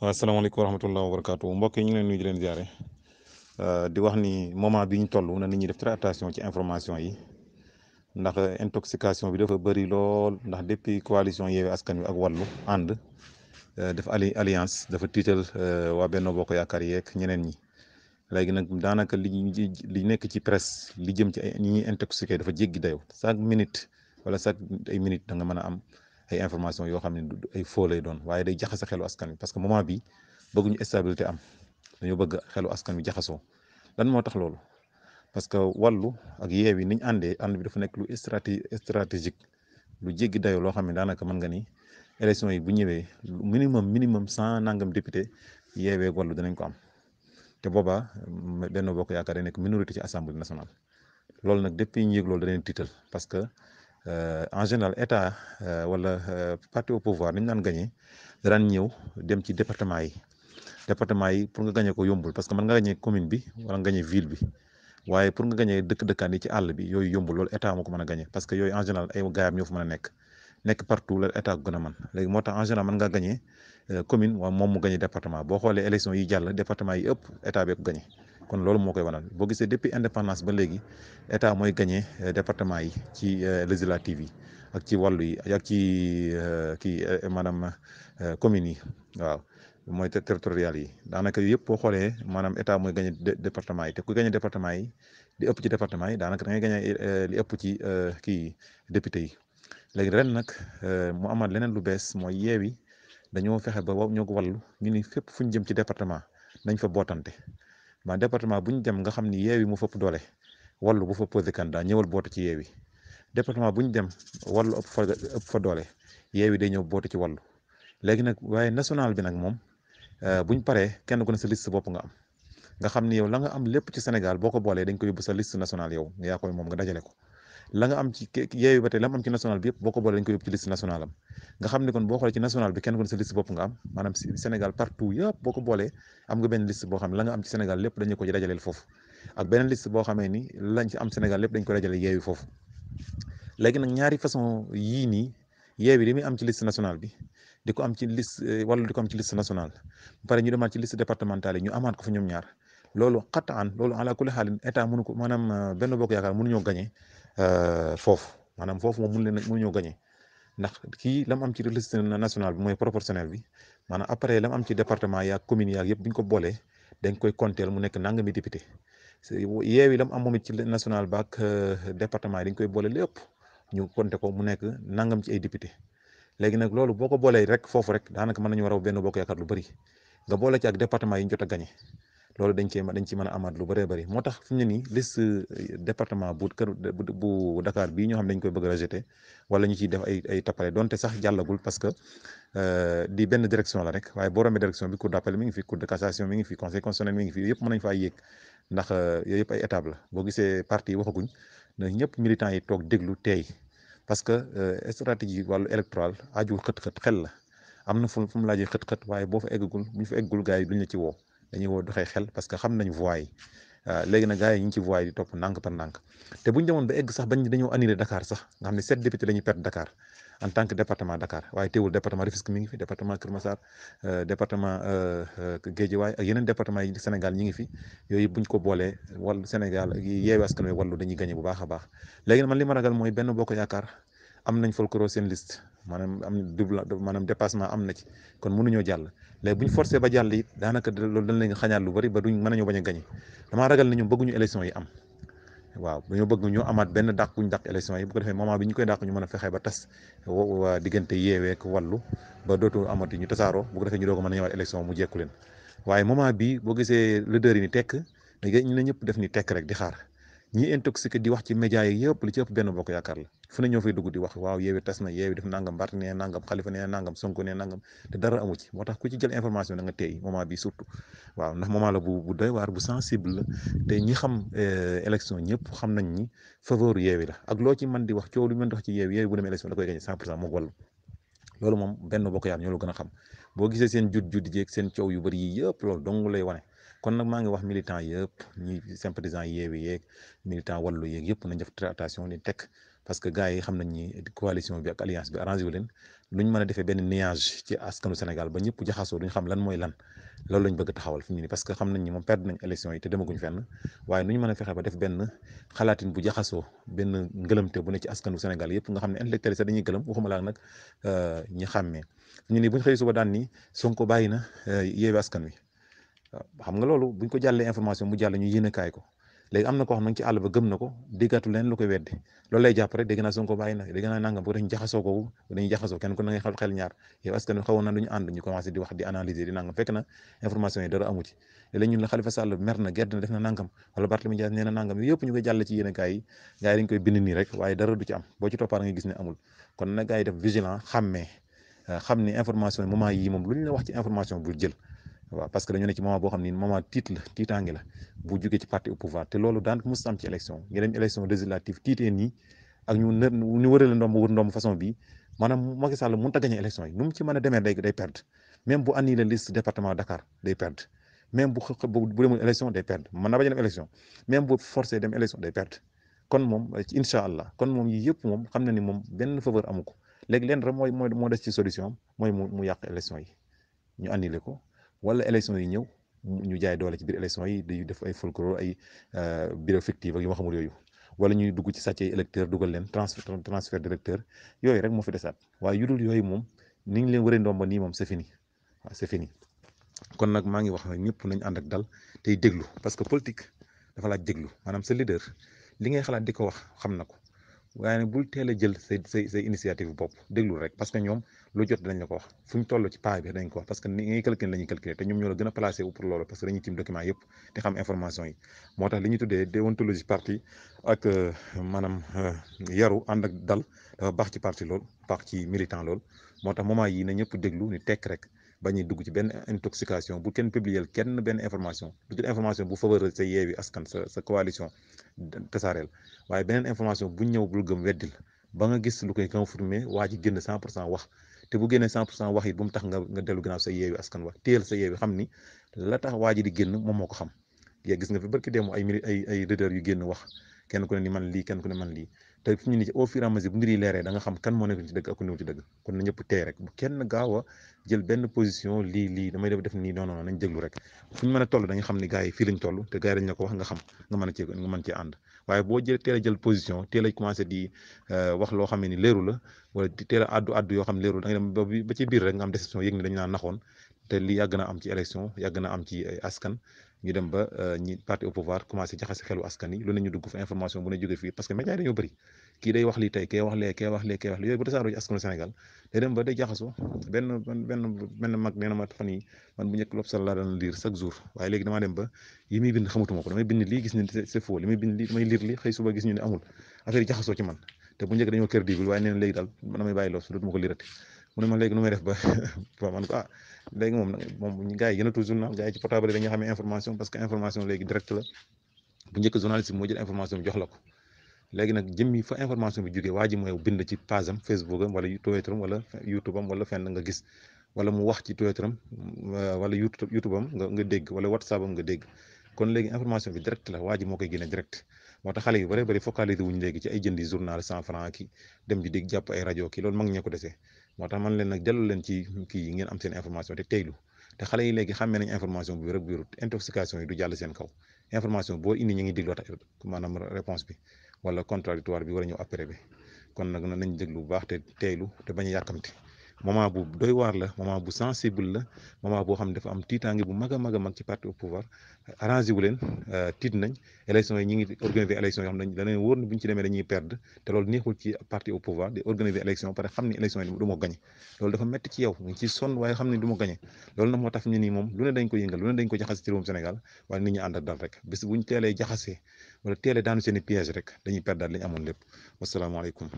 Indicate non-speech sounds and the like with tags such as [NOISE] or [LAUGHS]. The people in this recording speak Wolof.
waaw asalaamaaleykum wa rahmatulah wa barakaatu mbokk yi ñu ngi leen nuyu di leen ziare euh, di wax ni moment bi ñu toll na ni ñi def très ci information yi ndax intoxication bi dafa bëri lool ndax depuis coalition Yewwi Askan Wi ak wàllu ànd euh, def ali alliance dafa tiital euh, waa benn Bokk Yaakaar yeeg ñeneen ñi léegi nag daanaka li li nekk ci presse li jëm ci ay ñi ñuy dafa jéggi dayo chaque minute wala chaque ay da nga mën a am. ay information yoo xam ne ay faux lay doon waaye day jaxase xelu askan wi parce que moment bi bëgguñu stabilité am dañoo bëgg xelu askan wi jaxasoo lan moo tax loolu parce que wàllu ak yeewi niñ àndee ànd bi dafa nekk lu straté stratégique lu jéggi dayo loo xam ne daanaka mën nga ni élection yi bu ñëwee minimum minimum cent nangam député yeewee wàllu danañ ko am te boobaa benn bokk yaakaar day nekk minorité ci assemblée nationale loolu nag depuis ñu yëg loolu Euh, en général état euh, wala euh, parti au pouvoir ni ñu daan gagné da ñëw dem ci département yi département yi pour nga gagné ko yombul parce que mën nga gagné commune bi wala nga gagné ville bi waaye pour nga gagné dëkk dëkkaan ci àll bi yooyu yombul loolu état a gagné parce que yooyu en général ay gaayam ñoo fa mën a nekk nekk partout la état gën a moo tax en général nga gagné commune moom mu gagné département boo xoolee élection yi jàll département yi ëpp état bi ko gagné kon loolu moo koy wanal boo gisee depuis indépendance ba léegi état mooy gagné euh, département yi ci euh, législative yi ak ci wàllu yi ak ci euh, kii maanaam communes yi waaw mooy territorial yi daanaka yëpp boo xoolee maanaam état mooy gagné département yi te ku gagné département yi di ëpp ci département yi daanaka da ngay gagné li ëpp ci kii député yi léegi ren nag mu amaat leneen lu bees mooy yeewi dañoo fexe ba ñoo ko wàllu ñu fu ñu jëm ci département nañ fa bootante ma département bu ñu dem nga xam ni yeewi mu fëpp doole wallu bu fa posé candidat ñëwal bootu ci yeewi département bu ñu dem wallu ëpp fa ëpp fa doole day ñëw bootu ci wallu léegi nag waaye national bi nag moom euh, bu ñu paree kenn ku ne sa liste bopp nga am nga xam ni yow la nga am lépp ci Sénégal boo ko boolee dañ ko yóbbu sa liste nationale yow yaa koy moom nga dajale ko la nga am ci yeeyu ba tey la mu am ci national bi yëpp boo ko boolee dañ ko yóbbu ci liste nationale am nga xam ne kon boo xoolee ci national bi kenn kon sa liste bopp nga am maanaam Sénégal partout yëpp boo ko boolee am nga benn liste boo xam ne la nga am ci Sénégal lépp dañu ko ci dajaleel foofu ak beneen liste boo xamee ni lañ ci am Sénégal lépp dañ ko dajale yeeyu foofu léegi nag ñaari façon yii nii yeewi li muy am ci liste nationale bi di ko am ci liste wala di ko am ci liste nationale ba pare ñu demaat ci liste départementale yi ñu amaat ko fa ñoom ñaar loolu xataan loolu ala kulli xaalin état mënu ko maanaam euh, benn bokk yaakaar mënuñoo gañe Euh, foofu maanaam foofu moom mu leen mun ñoo gagné ndax kii lam am ci liste nationale bi mooy proportionnel bi maanaam après lam am ci département yaag commune yaag yëpp bu ñu ko boolee dañ koy compter mu nekk nangami député yeewi lam am moom it ci national ba ak euh, département yi dañ koy boole ñu compter ko mu nekk nangam ci ay député léegi nag loolu boo ko boolee rek foofu rek daanaka mën nañu raw benn bokk yaakaar lu bëri nga boole ci ak département yi ñu jot a gagné loolu dañ cee dañ ci mën a amaat lu bëree bëri moo tax fi mu ne nii liste euh, département bu Dakar bii ñoo xam dañ koy bëgg rejeté wala ñu ciy def ay ay tappale donte sax jàllagul parce que euh, di benn direction la rek waaye boo rombee direction bi cour d'appel mi ngi fi cour de cassation mi ngi fi conseil constitutionnel yëpp mën nañ faa yéeg ndax euh, yooyu ay étape boo gisee parti yi waxaguñ na ñëpp militants yi toog déglu teey parce que stratégie wàllu électoral aju xët-xët xel la am na fu mu laajee xët-xët waaye boo fa eggagul bu ñu fa eggul gars yi duñ la ci woo dañuy woo doxee xel parce que xam nañ voies yi ah, léegi nag gars yi ñu ngi ci voies yi di topp ndànk par ndànk te bu ñu ba egg sax bañ dañoo annulé Dakar sax nga xam ne sept députés la ñuy perdre Dakar en tant que département Dakar waaye teewul département Rufisque mi fi département Kër Massar euh, département euh, euh, ak yeneen département yi Sénégal ñi ngi fi yooyu buñ ko boolee wàllu Sénégal ak yeewu askan wi wàllu dañuy gagné bu baax a baax léegi nag man li ma ragal mooy benn bokk yaakaar am nañ folklore seen liste maanaam am double maanaam am na ci kon mënuñoo jàll léegi bu ñu forcé ba jàll it daanaka loolu dañ leen xañaat lu bari ba duñ mën a ñoo bañ a gañe damaa ragal ne ñoom bëgguñu élection yi am waaw dañoo bëgg ñu amaat benn dàq bu ñu dàq élection yi bu ko defee ñu koy dàq ñu mën a fexe ba tas waa diggante yeeweek wàllu ba dootu amati ñu tasaaroo bu defee ñu doog a a ñëwaat élection mu jekku leen waaye moment bi boo gisee leader yi ni tekk dañ ñëpp def ni tekk rek di xaar ñi intoxiqué di wax ci média yi yëpp li ci ëpp benn bokk yaakaar la fu ne ñoo fay dugg di wax waaw yeewi tas na yeewi def nangam Barth nee nangam Khalifa nee nangam Sonko nee nangam te dara amu ci moo tax ku ci jël information da nga téy moment bi surtout waaw ndax moment la te ñi xam eh, élection ñëpp xam nañ ni faveur yeewi la ak loo ci mën di wax coow lu mën di wax ci yeewi yeewi bu demee élection da loolu moom benn bokk yaakaar ñoo la gën a xam boo gisee seen jut jut jéeg seen coow yu bëri yi yëpp loolu dong lay wane kon nag maa ngi wax militant yëpp ñi sympathisant yeewi yeeg militant wàllu yeeg yëpp nañ def tratation ni teg parce que gars yi xam nañ ni coalition bi ak alliance bi arrangé leen lu ñu mën a defee benn nuage ci askanu Sénégal ba ñëpp jaxasoo duñu xam lan mooy lan loolu lañ bëgg taxawal fi mu ni parce que xam nañ ni moom perdre nañ élection yi te demaguñ fenn waaye nu ñu mën a fexe def benn xalaatin bu jaxasoo benn ngëlëmte bu ne ci askanu Sénégal yëpp nga xam ne intellectuel sax dañuy gëlëm waxuma nag euh, ñi xàmmee ñu ni buñ xëy suba daan ni Sonko bàyyi na euh, yeewi askan wi xam nga loolu buñ ko jàllee information mu jàll ñu yéene kaay ko léegi am na koo xam ne ci àll ba gëm na ko déggatu leen lu koy weddi loolu lay jàpp rek dégg naa Sonko bàyyi na dégg naa nangam bu dañu jaxasoo ko dañuy jaxasoo kenn na duñu ànd ñu commencé di wax di analyser di nangam fekk na information yi dara amu ci léegi ñun la ci yéen kaay yi dañ koy bind rek waaye dara du am boo ci toppaar nga gis ne amul kon na gars yi def vigilant xàmmee xam ni information moment yi moom lu ñu la wax waaw parce que dañu ne ci moment boo xam ni moment tiit la bu jógee ci parti au pouvoir te loolu daan mos ci élection nii ak ñu nër façon bi maanaam Macky Sall mënut a gagné élection yi nu mu ci mën a demee day day perdre même bu annulé liste département Dakar day perdre même bu bu demul élection day perdre mën na bañ a dem élection même bu forcé dem élection day perdre kon moom incha allah kon moom yii yëpp moom xam na ni moom benn faveur amu ko leen rek mooy moo des ci solution am mooy mu mu yàq élection yi ko. wala élection yi ñëw ñu jaay doole ci biir élection yi di def ay folklore ay euh, bureau fictive ak yu ma yooyu wala ñuy dugg ci sàcc ay électeur dugal leen transfert transfert d'électeur yooyu rek moo fi desaat waaye yu yooyu moom ni ñu leen waree ndomba nii moom c'est fini waaw c'est kon nag maa ngi wax ne ñëpp nañ ànd ak dal tey déglu parce que politique dafa laaj déglu maanaam sa leader li ngay xalaat di ko wax xam na ko waaye bul teel a jël say say say initiative bopp déglu rek parce que ñoom lu jot dinañ la ko wax fu ñu toll ci paa bi dañ ko parce que ni ngay calculer la ñuy calculer te ñoom ñoo la gën a placé wu pour loolu parce que dañuy tiim document yëpp te xam information yi moo tax li ñu tuddee déontologie parti ak euh, maanaam euh, yaru ànd ak dal dafa baax ci parti lool baax ci militant lool moo tax moment yii na ñëpp déglu ni tekk rek bañuy dugg ci benn intoxication bu kenn publier kenn benn information lu dul information bu faveur sa yeewi askan sa sa coalition tasaareel waaye beneen information bu ñëw bul gëm weddil ba nga gis lu koy confirmer waa ji génn 100 pour cent wax te bu génnee 100 pour cent wax it bu mu tax nga nga dellu ginnaaw sa yeewi askan wax téyel sa yeewi xam ni la tax waa ji di génn moom moo ko xam gis nga fi barki deemu ay ay ay leader yu génn wax kenn ku ne ni man lii kenn ku ne man lii te fi ñu ne ci au fur et leeree da xam kan moo nekk ci dëgg ak ku néew ci kon na ñëpp tey rek kenn gaaw a jël benn position lii lii damay def def nii non non nañ jéglu rek fu ñu mën a toll dañ xam ni gars yi fii lañ toll te gars yi dañ la ko wax nga xam nga mën a cee nga mën cee ànd waaye boo jël teel a jël position teel a commencé di euh, wax loo xam ne ni leeru la wala di teel a yoo xam ne leeru da nga dem ba ci biir rek nga am déception yëg ni dañu naan naxoon te lii na am ci élection yàgg na am ci askan ñu dem ba euh, ñi parti au pouvoir commencé jaxase xelu askan yi lu ne ñu dugg fa information bu ne jóge parce que médias yi dañoo bëri kii day wax lii tey kee wax lee kee yooyu bu tasaaroo ci askanu Sénégal day dem ba day jaxasoo benn benn mag nee na ma man bu njëkk l'Observateur laa daan lire chaque jour waaye léegi damaa dem ba yi bind xamatuma ko damay bind lii gis ne c'est faux li muy bind lii damay lire lii xëy suba gis ñu ne amul affaire yi jaxasoo bu njëkk dañoo kër mu ne ma léegi nu may def ba [LAUGHS] ba man ko ah léegi moom moom gars yi gën a tuuti journal gars yi ci portable dañuy xamee information parce que information léegi jox la ko léegi nag jëmmi fa information bi jógee waa mooy bind ci page am Facebook am YouTube am nga gis wala mu wax ci Twitter am euh, wala YouTube am nga nga dégg wala WhatsApp am nga dégg kon léegi information bi direct la waa ji moo koy génne direct moo tax xale yu bari bari focaliser wuñ léegi ci ay jëndi journal cent franc ki dem di dégg jàpp ay rajo ki loolu mag ña ko desee moo tax man leen nag jëlal leen ci kii yi ngeen am seen information te teylu te xale yi léegi xam nañ information bi rek biirut intoxication yi du jàll seen kaw information boo indi ñu ngi déglu maanaam réponse bi wala contradictoire bi war a ñëw après bi kon nag nañ déglu baax te teylu te bañ a yàkkamti moment bu doy waar la moment bu sensible la moment boo xam ne dafa am tiitaange bu mag a mag a mag ci parti au pouvoir arrangé wu leen euh, tit nañ élection yi ñi ngi organiser élection yoo xam ne danañ wóor ne ñu ci demee dañuy perdre te loolu neexul ci parti au pouvoir di organiser xam ni élection yi ma gañe loolu dafa métti ci yow nga ci sonn waaye xam ne du ma gañe loolu nag moo tax ñu ni moom lu ne ko yëngal lu ne dañ ko jaxase ci réewum Sénégal waaye nit ñi ànd dal rek bis bu ñu teelee jaxasee wala teelee daanu seen i rek dañuy perd li ñu amoon lépp wasalaamaaleykum